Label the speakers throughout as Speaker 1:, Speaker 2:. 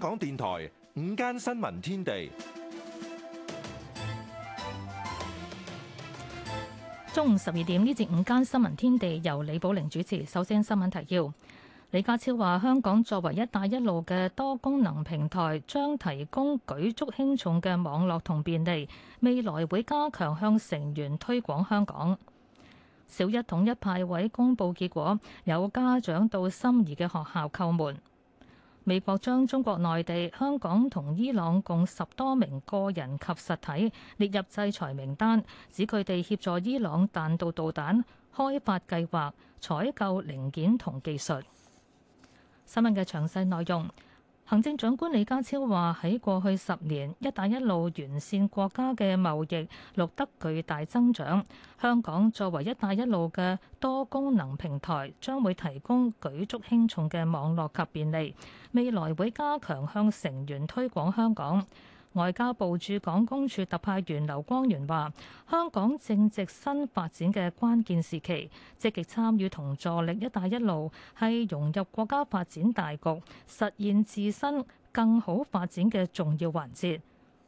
Speaker 1: 香港電台午間新聞天地，
Speaker 2: 中午十二點，呢節午間新聞天地由李寶玲主持。首先新聞提要：李家超話，香港作為一帶一路嘅多功能平台，將提供舉足輕重嘅網絡同便利，未來會加強向成員推廣香港。小一統一派位公布結果，有家長到心儀嘅學校叩門。美國將中國內地、香港同伊朗共十多名個人及實體列入制裁名單，指佢哋協助伊朗彈道導彈開發計劃、採購零件同技術。新聞嘅詳細內容。行政長官李家超話，喺過去十年，「一帶一路」完善國家嘅貿易，錄得巨大增長。香港作為「一帶一路」嘅多功能平台，將會提供舉足輕重嘅網絡及便利。未來會加強向成員推廣香港。外交部駐港公署特派員劉光源話，香港正值新發展嘅關鍵時期，積極參與同助力「一帶一路」係融入國家發展大局、實現自身
Speaker 3: 更好發展嘅重要環節。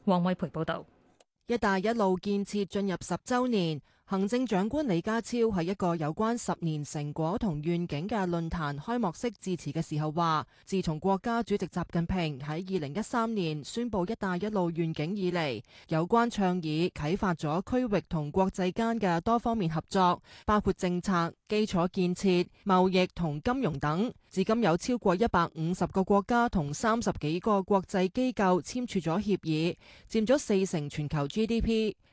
Speaker 3: 黃偉培報道。「一帶一路」建設進入十周年。行政長官李家超喺一個有關十年成果同願景嘅論壇開幕式致辭嘅時候話，自從國家主席習近平喺二零一三年宣佈“一帶一路”願景以嚟，有關倡議啟發咗區域同國際間嘅多方面合作，包括政策、基礎建設、貿易同金融等。至今有超過一百五十個國家同三十幾個國際機構簽署咗協議，佔咗四成全球 GDP。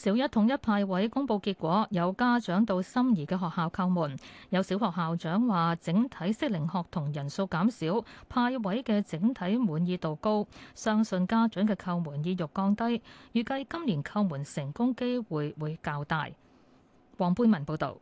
Speaker 2: 小一統一派位公佈結果，有家長到心儀嘅學校叩門。有小學校長話，整體適齡學童人數減少，派位嘅整體滿意度高，相信家長嘅叩門意欲降低，預計今年叩門成功機會會較大。黃貝文報導。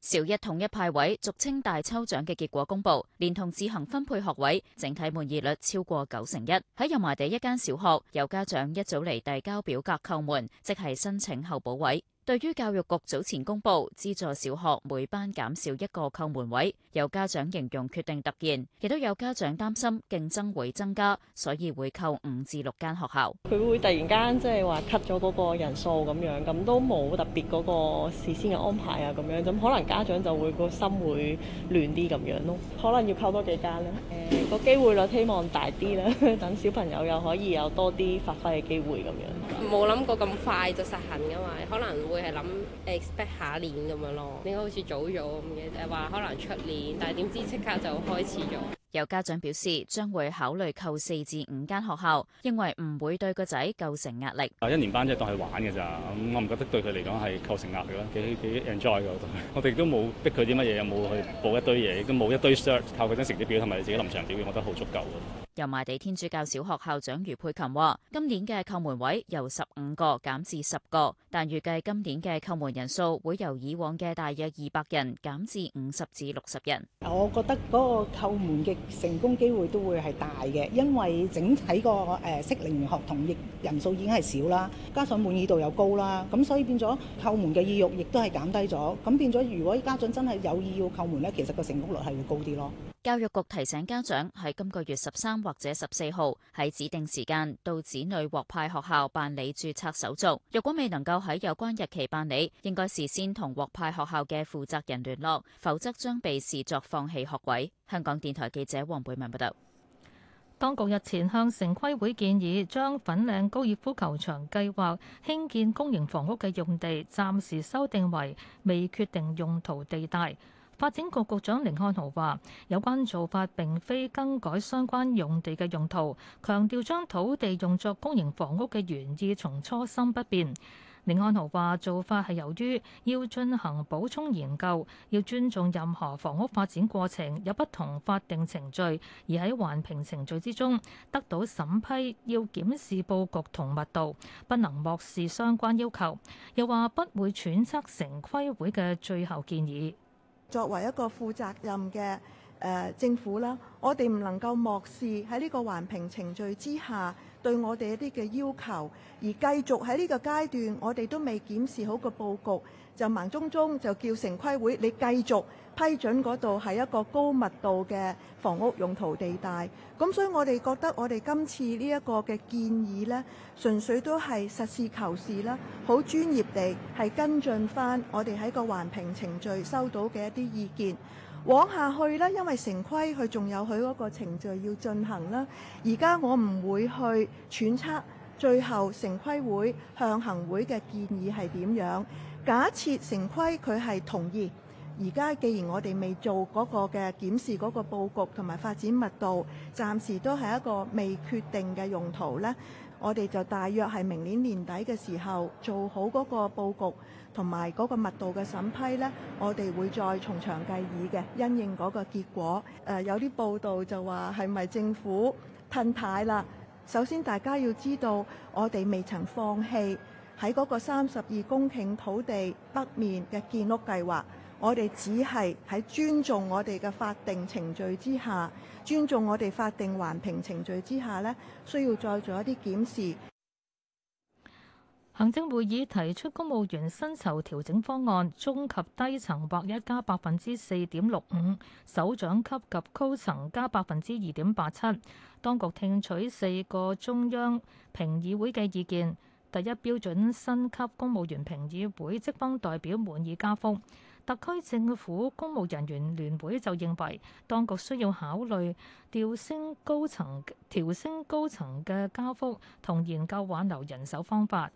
Speaker 2: 小一統一派位，俗
Speaker 4: 稱大抽獎嘅結果公佈，連同自行分配學位，整體滿意率超過九成一。喺油麻地一間小學，有家長一早嚟遞交表格叩門，即係申請候補位。對於教育局早前公布資助小學每班減少一個叩門位，有家長形容決定突然，亦都有家長擔心競爭會增加，
Speaker 5: 所以會扣五至六間學校。佢會突然間即係話 cut 咗嗰個人數咁樣，咁都冇特別嗰個事先嘅安排啊咁樣，咁可能家長就會、個心會亂啲咁樣咯，可能要扣多幾間呢？誒、呃，個機會率，希望大啲啦，等小朋友又可以有多啲發揮嘅機會咁樣。冇諗過咁快就實行嘅嘛，可能會係諗 expect 下年咁樣咯。點解好似早咗咁嘅？話可能出年，但係點知即刻就開始咗。
Speaker 4: 有家長表示將會考慮扣四至五間學校，因為唔會對個仔構成壓力。
Speaker 6: 一年班即係當係玩嘅咋，咁我唔覺得對佢嚟講係構成壓力咯，幾幾 enjoy 嘅，我哋都冇逼佢啲乜嘢，有冇去報一堆嘢，都冇一堆 cert 靠佢哋成績表同埋自己臨場表現，我覺得好足夠嘅。
Speaker 4: 油麻地天主教小學校長余佩琴話：今年嘅叩門位由十五個減至十個，但預計今年嘅叩門人數會由以往嘅大約二百人減至五十至六
Speaker 7: 十人。我覺得嗰個叩門嘅成功機會都會係大嘅，因為整體個誒適齡學童亦人數已經係少啦，加上滿意度又高啦，咁所以變咗叩門嘅意欲亦都係減低咗，咁變咗如果家長真係有意要叩門咧，其實個成功率係會高啲咯。
Speaker 4: 教育局提醒家長喺今個月十三或者十四號喺指定時間到子女獲派學校辦理注冊手續。若果未能夠喺有關日期辦理，應該事先同獲派學校嘅負責人聯絡，否則將被視作放棄學位。香港電台記者黃佩文報道。
Speaker 2: 當局日前向城規會建議，將粉嶺高爾夫球場計劃興建公營房屋嘅用地暫時修訂為未決定用途地帶。發展局局長甯漢豪話：有關做法並非更改相關用地嘅用途，強調將土地用作公營房屋嘅原意從初心不變。甯漢豪話：做法係由於要進行補充研究，要尊重任何房屋發展過程有不同法定程序，而喺環評程序之中得到審批，要檢視佈局同密度，不能漠視相關要求。又話不會揣測城規會嘅最後建議。
Speaker 7: 作為一個負責任嘅、呃、政府，我哋唔能夠漠視喺呢個環評程序之下，對我哋一啲嘅要求，而繼續喺呢個階段，我哋都未檢視好個佈局，就盲中中就叫城規會，你繼續批准嗰度係一個高密度嘅房屋用途地帶。咁所以我哋覺得，我哋今次呢一個嘅建議呢，純粹都係實事求是啦，好專業地係跟進返我哋喺個環評程序收到嘅一啲意見。往下去啦，因為城規佢仲有佢嗰個程序要進行啦。而家我唔會去揣測最後城規會向行會嘅建議係點樣，假設城規佢係同意，而家既然我哋未做嗰個嘅檢視嗰個佈局同埋發展密度，暫時都係一個未決定嘅用途咧。我哋就大約係明年年底嘅時候做好嗰個佈局同埋嗰個密度嘅審批呢，我哋會再從長計議嘅，因應嗰個結果。誒，有啲報道就話係咪政府褪軚啦？首先大家要知道，我哋未曾放棄喺嗰個三十二公頃土地北面嘅建屋計劃。我哋只係喺尊重我哋嘅法定程序之下，尊重我哋法定環評程序之下咧，需要再做一啲檢視。
Speaker 2: 行政會議提出公務員薪酬調整方案，中級低層獲一加百分之四點六五，首長級及高層加百分之二點八七。當局聽取四個中央評議會嘅意見。第一標準薪級公務員評議會職方代表滿意加幅，特區政府公務人員聯會就認為當局需要考慮調升高層調升高層嘅加幅，同研究挽留人手方法。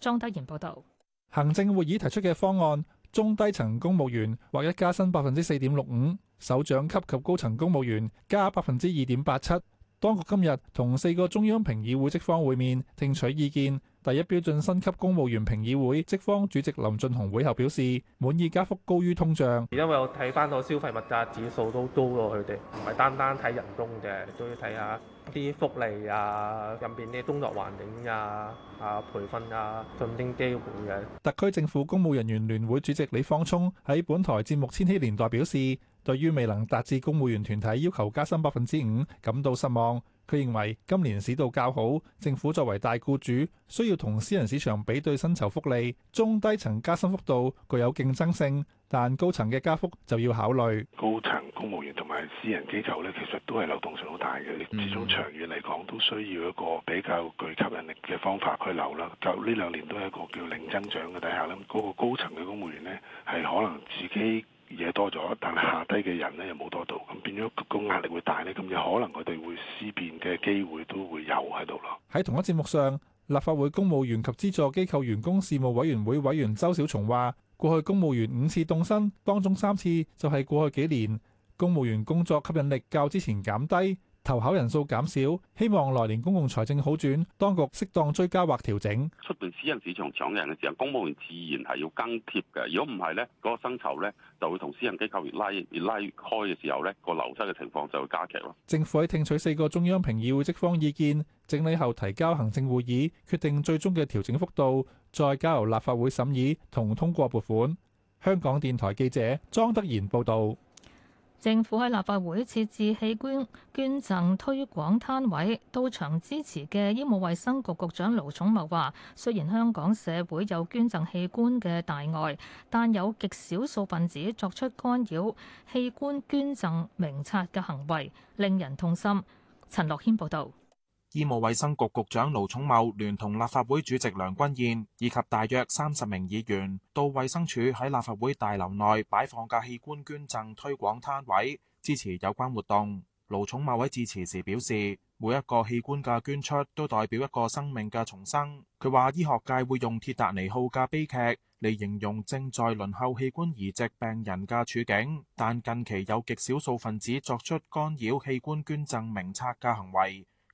Speaker 2: 莊德賢報道，
Speaker 1: 行政會議提出嘅方案，中低層公務員或一加薪百分之四點六五，首長級及高層公務員加百分之二點八七。當局今日同四個中央評議會職方會面，聽取意見。第一標準薪級公務員評議會職方主席林進雄會後表示，滿意加幅高於通脹，因為我睇翻個消費物價指數都高過佢哋，唔係單單睇人工嘅，都要睇下啲福利啊，入邊啲工作環境啊、啊培訓啊、晉升機會嘅。特區政府公務人員聯會主席李方聰喺本台節目《千禧年代》表示，對於未能達至公務員團體要求加薪百分之五感到失望。佢認為今年市道較好，政府作為大雇主，需要同私人市場比對薪酬福利，中低層加薪幅度具有競爭性，但高層嘅加幅就要考慮。高層公務員同埋私人機構咧，其實都係流動性好大嘅，你始終長遠嚟講都需要一個比較具吸引力嘅方法去留啦。就呢兩年都係一個叫零增長嘅底下啦，嗰個高層嘅公務員咧係可能自己。嘢多咗，但係下低嘅人呢又冇多到，咁變咗個壓力會大呢，咁有可能佢哋會思辨嘅機會都會有喺度咯。喺同一節目上，立法會公務員及資助機構員工事務委員會委員周小松話，過去公務員五次動身，當中三次就係過去幾年公務員工作吸引力較之前減低。投考人數減少，希望來年公共財政好轉，當局適當追加或調整。
Speaker 6: 出邊私人市場搶人嘅時候，公務員自然係要跟貼嘅。如果唔係呢，呢個薪酬呢就會同私人機構越拉越拉越開嘅時候呢，個流失嘅情況就會加劇咯。
Speaker 1: 政府喺聽取四個中央評議會職方意見，整理後提交行政會議決定最終嘅調整幅度，再交由立法會審議同通過撥款。香港電台記者莊德賢報道。
Speaker 2: 政府喺立法會設置器官捐贈推廣攤位，到場支持嘅醫務衛生局局長盧寵茂話：雖然香港社會有捐贈器官嘅大愛，但有極少數分子作出干擾器官捐贈名冊嘅行為，令人痛心。陳樂軒報導。
Speaker 8: 醫務衛生局局長盧寵茂聯同立法會主席梁君彥以及大約三十名議員到衛生署喺立法會大樓內擺放嘅器官捐贈推廣攤位，支持有關活動。盧寵茂喺致辭時表示，每一個器官嘅捐出都代表一個生命嘅重生。佢話醫學界會用鐵達尼號嘅悲劇嚟形容正在輪候器官移植病人嘅處境，但近期有極少數分子作出干擾器官捐贈名冊嘅行為。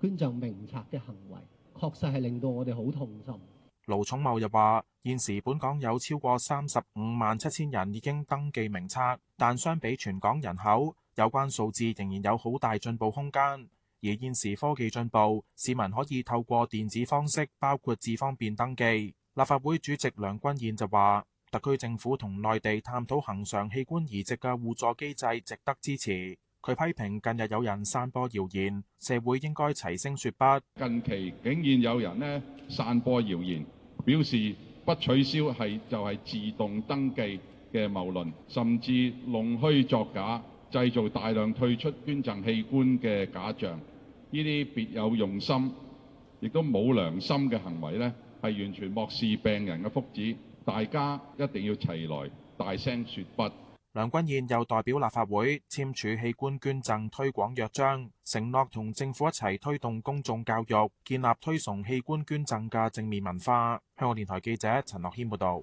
Speaker 1: 捐贈名冊嘅行為，確實係令到我哋好痛心。
Speaker 8: 盧寵茂又話：現時本港有超過三十五萬七千人已經登記名冊，但相比全港人口，有關數字仍然有好大進步空間。而現時科技進步，市民可以透過電子方式，包括智方便登記。立法會主席梁君彥就話：特區政府同內地探討恒常器官移植嘅互助機制，值得支持。佢批評近日有人散播謠言，社會應該齊聲説不。近期竟然有人呢，散播謠言，表示不取消係就係自動登記嘅謬論，甚至弄虛作假，製造大量退出捐贈器官嘅假象。呢啲別有用心，亦都冇良心嘅行為呢，係完全漠視病人嘅福祉。大家一定要齊來，大聲説不。梁君彥又代表立法會簽署器官捐贈推廣約章，承諾同政府一齊推動公眾教育，建立推崇器官捐贈嘅正面文化。香港電台記者陳樂謙報道。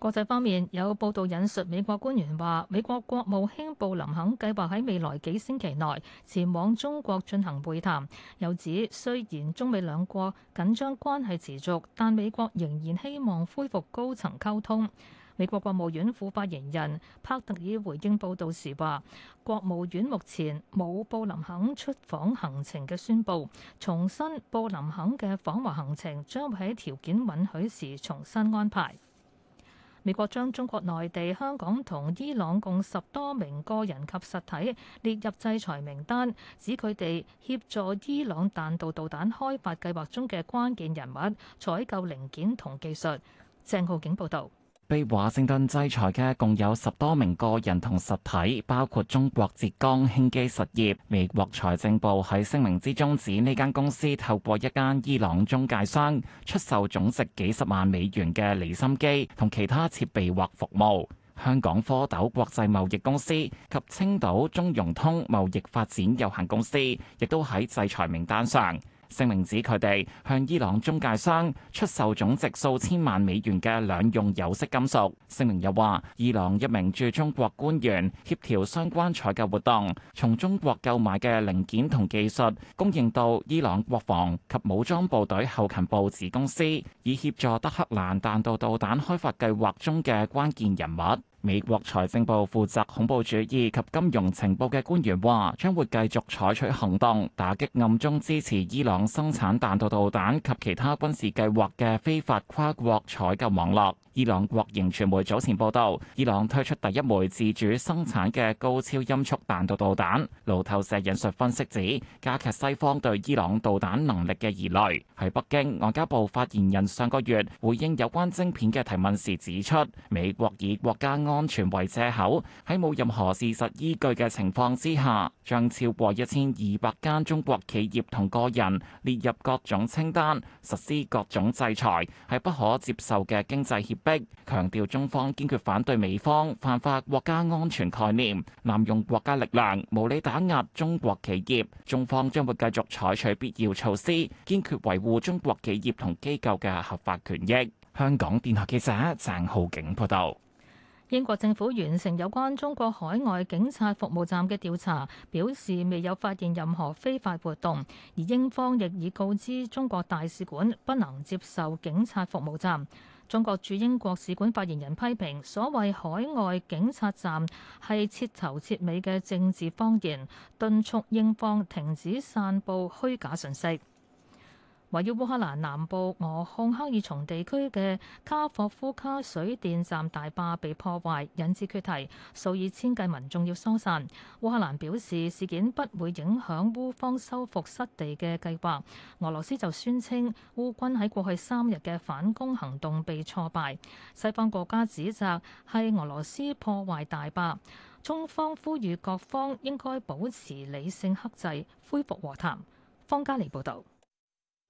Speaker 2: 國際方面，有報道引述美國官員話，美國國務卿布林肯計劃喺未來幾星期內前往中國進行會談，又指雖然中美兩國緊張關係持續，但美國仍然希望恢復高層溝通。美國國務院副發言人帕特爾回應報道時話，國務院目前冇布林肯出訪行程嘅宣佈，重申布林肯嘅訪華行程將喺條件允許時重新安排。美國將中國內地、香港同伊朗共十多名個人及實體列入制裁名單，指佢哋協助伊朗彈道導彈開發計劃中嘅關鍵人物採購零件同技術。鄭浩景報
Speaker 9: 導。被華盛頓制裁嘅共有十多名個人同實體，包括中國浙江興基實業。美國財政部喺聲明之中指，呢間公司透過一間伊朗中介商出售總值幾十萬美元嘅離心機同其他設備或服務。香港科斗國際貿易公司及青島中融通貿易發展有限公司亦都喺制裁名單上。聲明指佢哋向伊朗中介商出售總值數千萬美元嘅兩用有色金屬。聲明又話，伊朗一名駐中國官員協調相關採購活動，從中國購買嘅零件同技術，供應到伊朗國防及武裝部隊後勤部子公司，以協助德黑蘭彈道導彈開發計劃中嘅關鍵人物。美國財政部負責恐怖主義及金融情報嘅官員話：將會繼續採取行動，打擊暗中支持伊朗生產彈道導彈及其他軍事計劃嘅非法跨國採購網絡。伊朗國營傳媒早前報道，伊朗推出第一枚自主生產嘅高超音速彈道導彈。路透社引述分析指，加劇西方對伊朗導彈能力嘅疑慮。喺北京，外交部發言人上個月回應有關晶片嘅提問時指出，美國以國家安安全為借口，喺冇任何事實依據嘅情況之下，將超過一千二百間中國企業同個人列入各種清單，實施各種制裁，係不可接受嘅經濟脅迫。強調中方堅決反對美方泛化國家安全概念，濫用國家力量無理打壓中國企業。中方將會繼續採取必要措施，堅決維護中國企業同機構嘅合法權益。香港電台記者鄭浩景報道。
Speaker 2: 英國政府完成有關中國海外警察服務站嘅調查，表示未有發現任何非法活動，而英方亦已告知中國大使館不能接受警察服務站。中國駐英國使館發言人批評所謂海外警察站係徹頭徹尾嘅政治謊言，敦促英方停止散佈虛假信息。位於烏克蘭南部俄控克爾松地區嘅卡霍夫卡水電站大壩被破壞，引致決堤，數以千計民眾要疏散。烏克蘭表示事件不會影響烏方收復失地嘅計劃。俄羅斯就宣稱烏軍喺過去三日嘅反攻行動被挫敗。西方國家指責係俄羅斯破壞大壩。中方呼籲各方應該保持理性克制，恢復和談。方家利報導。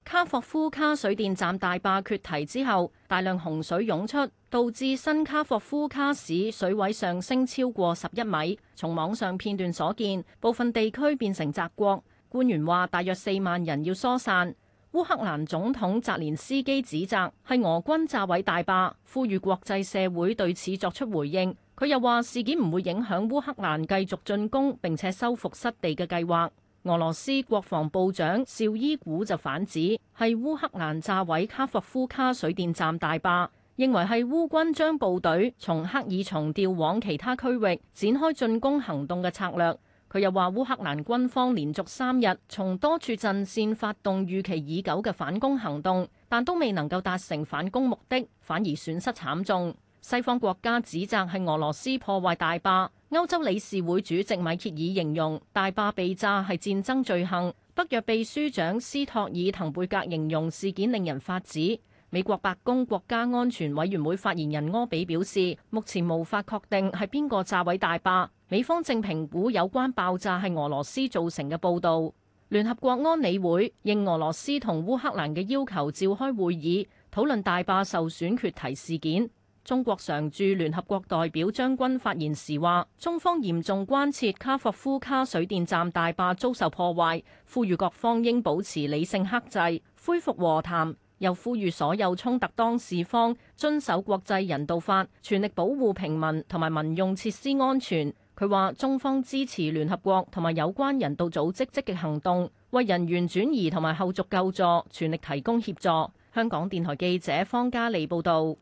Speaker 5: 卡霍夫卡水電站大壩決堤之後，大量洪水湧出，導致新卡霍夫卡市水位上升超過十一米。從網上片段所見，部分地區變成澤國。官員話，大約四萬人要疏散。烏克蘭總統澤連斯基指責係俄軍炸毀大壩，呼籲國際社會對此作出回應。佢又話，事件唔會影響烏克蘭繼續進攻並且修復失地嘅計劃。俄羅斯國防部長紹伊古就反指，係烏克蘭炸毀卡霍夫卡水電站大壩，認為係烏軍將部隊從克爾松調往其他區域展開進攻行動嘅策略。佢又話，烏克蘭軍方連續三日從多處陣綫發動預期已久嘅反攻行動，但都未能夠達成反攻目的，反而損失慘重。西方國家指責係俄羅斯破壞大壩。歐洲理事會主席米歇爾形容大壩被炸係戰爭罪行。北約秘書長斯托爾滕貝格形容事件令人髮指。美國白宮國家安全委員會發言人柯比表示，目前無法確定係邊個炸毀大壩，美方正評估有關爆炸係俄羅斯造成嘅報道。聯合國安理會應俄羅斯同烏克蘭嘅要求召開會議，討論大壩受損缺堤事件。中國常駐聯合國代表張軍發言時話，中方嚴重關切卡霍夫卡水電站大壩遭受破壞，呼籲各方應保持理性克制，恢復和談。又呼籲所有衝突當事方遵守國際人道法，全力保護平民同埋民用設施安全。佢話，中方支持聯合國同埋有關人道組織積極行動，為人員轉移同埋後續救助
Speaker 2: 全力提供協助。香港電台記者方嘉莉報道。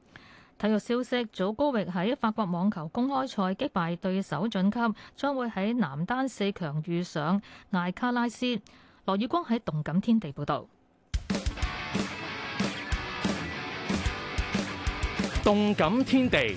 Speaker 2: 體育消息：祖高域喺法國網球公開賽擊敗對手晉級，將會喺男單四強遇上艾卡拉斯。羅宇光喺動感天地報道。動感
Speaker 8: 天地，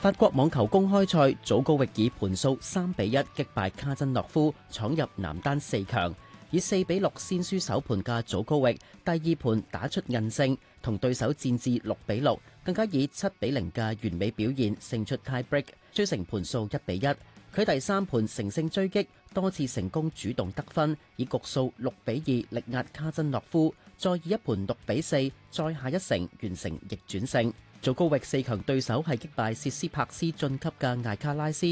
Speaker 10: 法國網球公開賽祖高域以盤數三比一擊敗卡珍諾夫，闖入男單四強。以四比六先輸首盤嘅祖高域，第二盤打出韌性，同對手戰至六比六，更加以七比零嘅完美表現勝出 tie break，追成盤數一比一。佢第三盤乘勝追擊，多次成功主動得分，以局數六比二力壓卡珍諾夫，再以一盤六比四再下一城，完成逆轉勝。祖高域四強對手係擊敗切斯帕斯晉級嘅艾卡拉斯。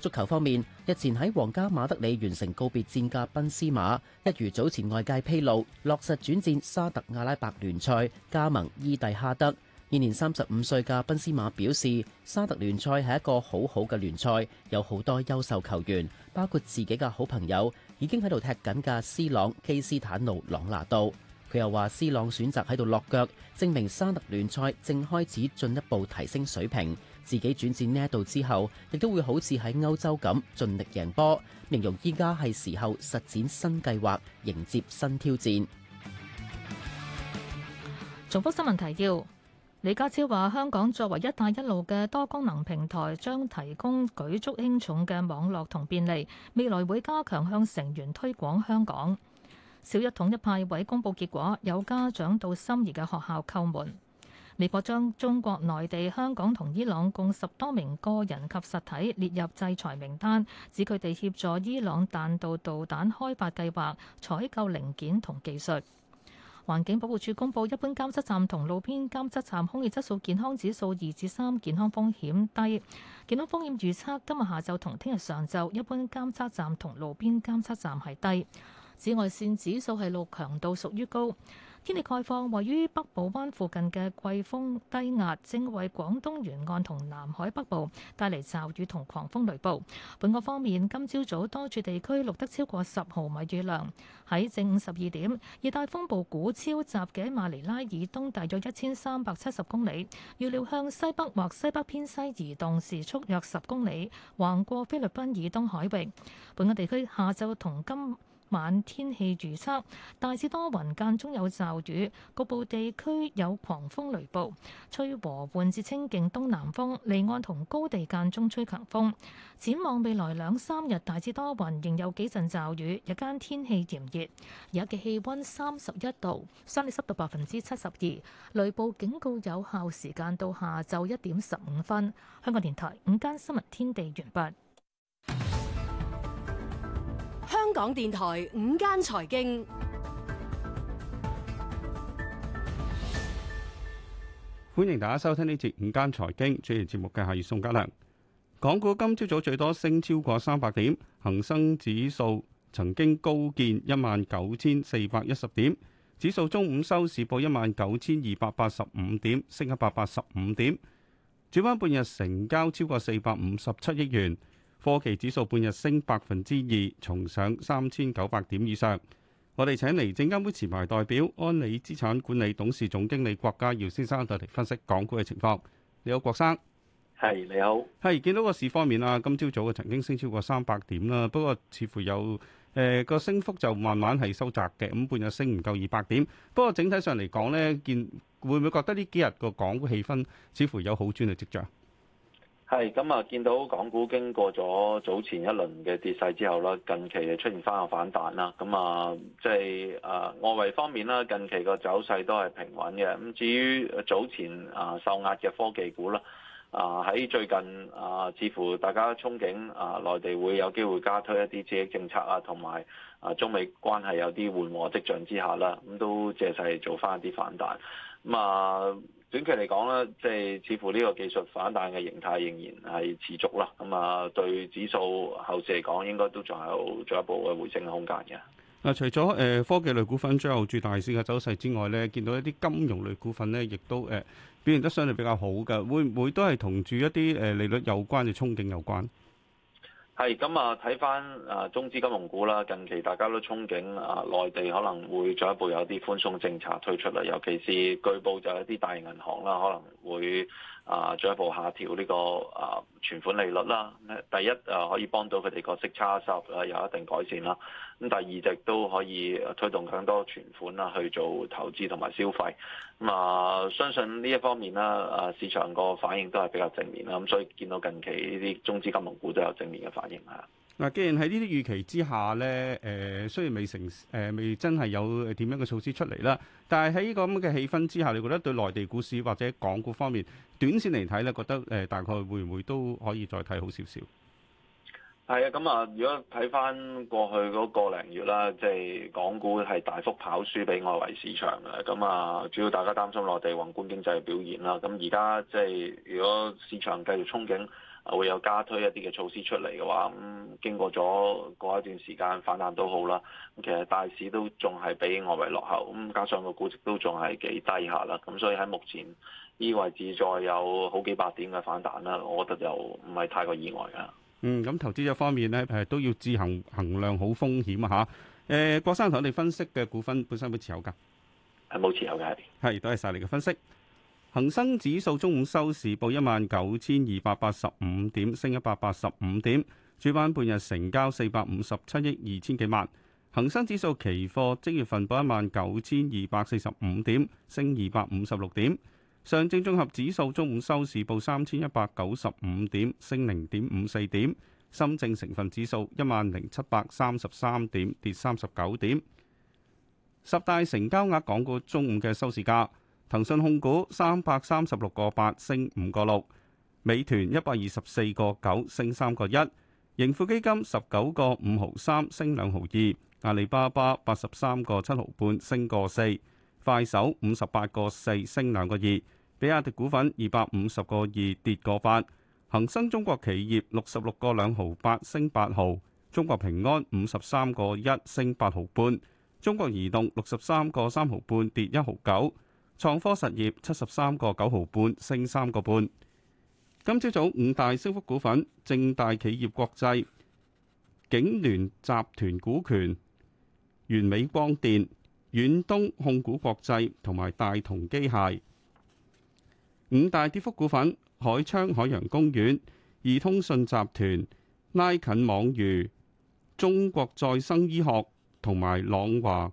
Speaker 10: 足球方面，日前喺皇家馬德里完成告別戰嘅賓斯馬，一如早前外界披露，落實轉戰沙特阿拉伯聯賽，加盟伊蒂哈德。現年三十五歲嘅賓斯馬表示，沙特聯賽係一個好好嘅聯賽，有好多優秀球員，包括自己嘅好朋友，已經喺度踢緊嘅斯朗基斯坦奴朗拿度。佢又話，斯朗選擇喺度落腳，證明沙特聯賽正開始進一步提升水平。自己轉戰呢一度之後，亦都會好似喺歐洲咁盡力贏波。形容依家係時候實踐新計劃，迎接新挑戰。重複新聞提
Speaker 2: 要：李家超話，香港作為一帶一路嘅多功能平台，將提供舉足輕重嘅網絡同便利。未來會加強向成員推廣香港。小一統一派位公布結果，有家長到心儀嘅學校叩門。美國將中國內地、香港同伊朗共十多名個人及實體列入制裁名單，指佢哋協助伊朗彈道導彈開發計劃、採購零件同技術。環境保護署公布，一般監測站同路邊監測站空氣質素健康指數二至三，健康風險低。健康風險預測今日下晝同聽日上晝，一般監測站同路邊監測站係低，紫外線指數係六，強度屬於高。天氣概況：位於北部灣附近嘅季風低壓，正為廣東沿岸同南海北部帶嚟驟雨同狂風雷暴。本港方面，今朝早多處地區錄得超過十毫米雨量。喺正午十二點，熱帶風暴古超集結喺馬尼拉以東大約一千三百七十公里，預料向西北或西北偏西移動，時速約十公里，橫過菲律賓以東海域。本港地區下晝同今晚天氣預測，大致多雲，間中有驟雨，局部地區有狂風雷暴，吹和緩至清勁東南風，離岸同高地間中吹強風。展望未來兩三日，大致多雲，仍有幾陣驟雨，日間天氣炎熱，日嘅氣温三十一度，相對濕度百分之七十二，雷暴警告有效時間到下晝一點十五分。香港電台午間新聞天地完畢。香港電台午間
Speaker 5: 財經。
Speaker 6: 歡迎大家收聽呢節午間財經，主持節目嘅係宋家良。港股今朝早最多升超過三百點，恒生指數曾經高見一萬九千四百一十點，指數中午收市報一萬九千二百八十五點，升一百八十五點。主板半日成交超過四百五十七億元。科技指數半日升百分之二，重上三千九百點以上。我哋請嚟證監會前排代表安理資產管理董事總經理郭家耀先生帶嚟分析港股嘅情況。你好，郭生。
Speaker 11: 係你好。
Speaker 6: 係見到個市方面啊，今朝早啊曾經升超過三百點啦，不過似乎有誒個升幅就慢慢係收窄嘅。咁半日升唔夠二百點，不過整體上嚟講呢，見會唔會覺得呢幾日個港股氣氛似乎有好轉嘅迹象？
Speaker 11: 係咁啊！見到港股經過咗早前一輪嘅跌勢之後啦，近期出現翻個反彈啦。咁啊，即係誒外圍方面啦，近期個走勢都係平穩嘅。咁至於早前啊受壓嘅科技股啦，啊喺最近啊，似乎大家憧憬啊，內地會有機會加推一啲刺激政策啊，同埋啊中美關係有啲緩和跡象之下啦，咁都借勢做翻一啲反彈。咁啊，短期嚟講咧，即係似乎呢個技術反彈嘅形態仍然係持續啦。咁啊，對指數後市嚟講應該都仲有進一步嘅回升嘅空間嘅。
Speaker 6: 嗱，除咗誒科技類股份最後住大市嘅走勢之外咧，見到一啲金融類股份咧，亦都誒表現得相對比較好嘅。會唔會都係同住一啲誒利率有關嘅憧憬有關？
Speaker 11: 係咁啊！睇翻啊，看看中資金融股啦，近期大家都憧憬啊，內地可能會進一步有啲寬鬆政策推出啦，尤其是據報就有一啲大型銀行啦可能會，啊，進一步下調呢個啊存款利率啦。第一啊，可以幫到佢哋個息差收入啊有一定改善啦。咁第二就亦都可以推動更多存款啊去做投資同埋消費。咁、嗯、啊，相信呢一方面啦，啊市場個反應都係比較正面啦。咁所以見到近期呢啲中資金融股都有正面嘅反應啊。
Speaker 6: 嗱，既然喺呢啲預期之下咧，誒、呃、雖然未成，誒、呃、未真係有點樣嘅措施出嚟啦，但係喺呢個咁嘅氣氛之下，你覺得對內地股市或者港股方面，短線嚟睇咧，覺得誒大概會唔會都可以再睇好少少？
Speaker 11: 係啊，咁啊，如果睇返過去嗰個零月啦，即、就、係、是、港股係大幅跑輸畀外圍市場嘅，咁啊，主要大家擔心內地宏觀經濟嘅表現啦。咁而家即係如果市場繼續憧憬，會有加推一啲嘅措施出嚟嘅話，咁、嗯、經過咗嗰一段時間反彈都好啦。咁其實大市都仲係比外圍落後，咁、嗯、加上個估值都仲係幾低下啦。咁、嗯、所以喺目前呢個位置再有好幾百點嘅反彈啦，我覺得就唔係太過意外、嗯、啊。嗯，
Speaker 6: 咁投資者方面咧，誒都要自行衡量好風險啊嚇。誒，郭生同你分析嘅股份本身
Speaker 11: 有冇持有噶？係冇持有嘅。
Speaker 6: 係，多謝晒你嘅分析。恒生指數中午收市報一萬九千二百八十五點，升一百八十五點。主板半日成交四百五十七億二千幾萬。恒生指數期貨正月份報一萬九千二百四十五點，升二百五十六點。上證綜合指數中午收市報三千一百九十五點，升零點五四點。深證成分指數一萬零七百三十三點，跌三十九點。十大成交額港股中午嘅收市價。騰訊控股三百三十六個八升五個六，美團一百二十四個九升三個一，盈富基金十九個五毫三升兩毫二，阿里巴巴八十三個七毫半升個四，快手五十八個四升兩個二，比亞迪股份二百五十個二跌個八，恒生中國企業六十六個兩毫八升八毫，中國平安五十三個一升八毫半，中國移動六十三個三毫半跌一毫九。創科實業七十三個九毫半，升三個半。今朝早，早五大升幅股份：正大企業國際、景聯集團股權、完美光電、遠東控股國際同埋大同機械。五大跌幅股份：海昌海洋公園、易通信集團、拉近網娛、中國再生醫學同埋朗華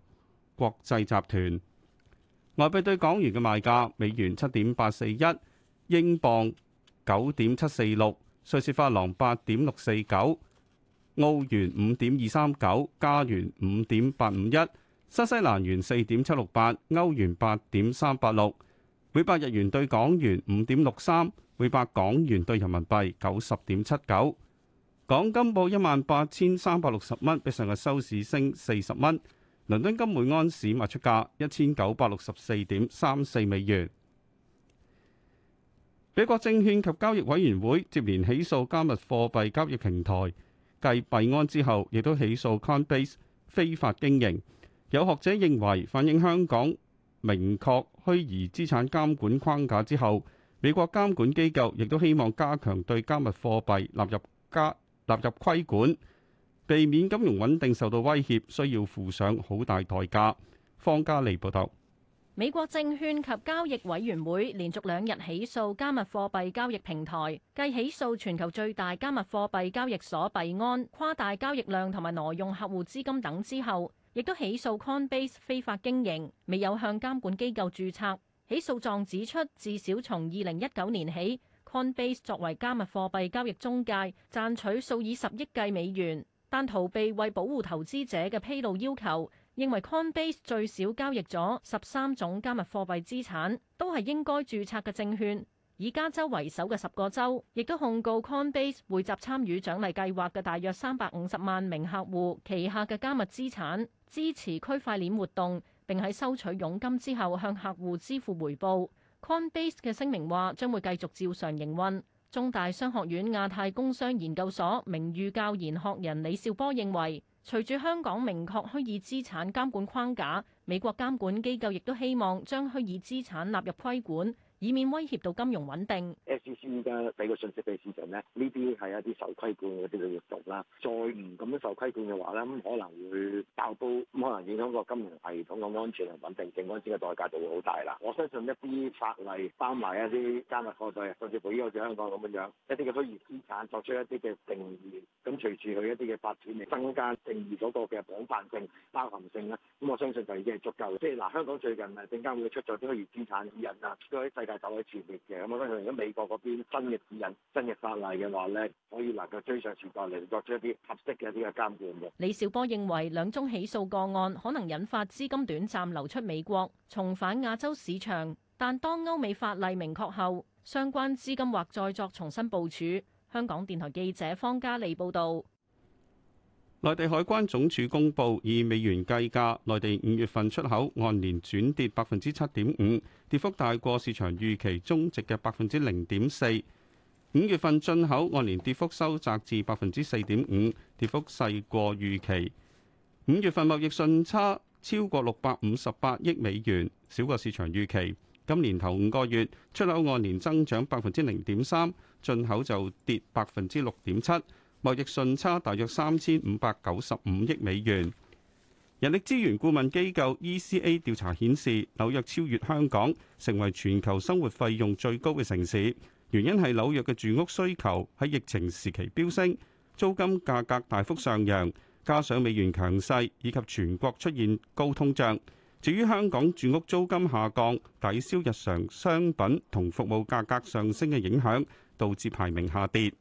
Speaker 6: 國際集團。外幣對港元嘅賣價：美元七點八四一，英鎊九點七四六，瑞士法郎八點六四九，澳元五點二三九，加元五點八五一，新西蘭元四點七六八，歐元八點三八六，每百日元對港元五點六三，每百港元對人民幣九十點七九。港金報一萬八千三百六十蚊，比上日收市升四十蚊。倫敦金每盎司賣出價一千九百六十四點三四美元。美國證券及交易委員會接連起訴加密貨幣交易平台繼幣安之後，亦都起訴 Coinbase 非法經營。有學者認為，反映香港明確虛擬資產監管框架之後，美國監管機構亦都希望加強對加密貨幣納入加納入規管。避免金融穩定受到威脅，需要付上好大代價。方家利報導，
Speaker 5: 美國證券及交易委員會連續兩日起訴加密貨幣交易平台，繼起訴全球最大加密貨幣交易所幣安誇大交易量同埋挪用客戶資金等之後，亦都起訴 Coinbase 非法經營，未有向監管機構註冊。起訴狀指出，至少從二零一九年起，Coinbase 作為加密貨幣交易中介賺取數以十億計美元。但逃避為保護投資者嘅披露要求，認為 Coinbase 最少交易咗十三種加密貨幣資產，都係應該註冊嘅證券。以加州為首嘅十個州，亦都控告 Coinbase 匯集參與獎勵計劃嘅大約三百五十萬名客戶旗下嘅加密資產，支持區塊鏈活動，並喺收取佣金之後向客戶支付回報。Coinbase 嘅聲明話，將會繼續照常營運。中大商學院亞太工商研究所名譽教研學人李兆波認為，隨住香港明確虛擬資產監管框架，美國監管機構亦都希望將虛擬資產納入規管。以免威脅到金融穩定
Speaker 11: ，SEC 依家俾個信息俾市場咧，呢啲係一啲受規管嗰啲嘅活動啦。再唔咁樣受規管嘅話咧，咁可能會爆煲，咁可能影響個金融系統嘅安全同穩定性，安全嘅代價就會好大啦。我相信一啲法例包埋一啲加密貨幣甚至乎好似香港咁樣樣，一啲嘅虛擬資產作出一啲嘅定義，咁隨住佢一啲嘅發展嚟增加定義嗰個嘅廣泛性、包含性啦。咁我相信就已經係足夠。即係嗱，香港最近啊，證監會出咗啲虛擬資產指引啊，嗰係走喺前面嘅，咁我相信如果美國嗰邊新嘅指引、新嘅法例嘅話咧，可以能夠追上時代嚟作出一啲合適嘅一啲嘅監管嘅。
Speaker 5: 李兆波認為兩宗起訴個案可能引發資金短暫流出美國，重返亞洲市場，但當歐美法例明確後，相關資金或再作重新部署。香港電台記者方嘉利報導。
Speaker 6: 內地海關總署公布，以美元計價，內地五月份出口按年轉跌百分之七點五，跌幅大過市場預期中值嘅百分之零點四。五月份進口按年跌幅收窄至百分之四點五，跌幅細過預期。五月份貿易順差超過六百五十八億美元，少過市場預期。今年頭五個月，出口按年增長百分之零點三，進口就跌百分之六點七。貿易順差大約三千五百九十五億美元。人力資源顧問機構 ECA 調查顯示，紐約超越香港成為全球生活費用最高嘅城市。原因係紐約嘅住屋需求喺疫情時期飆升，租金價格大幅上揚，加上美元強勢以及全國出現高通脹。至於香港住屋租金下降，抵消日常商品同服務價格上升嘅影響，導致排名下跌。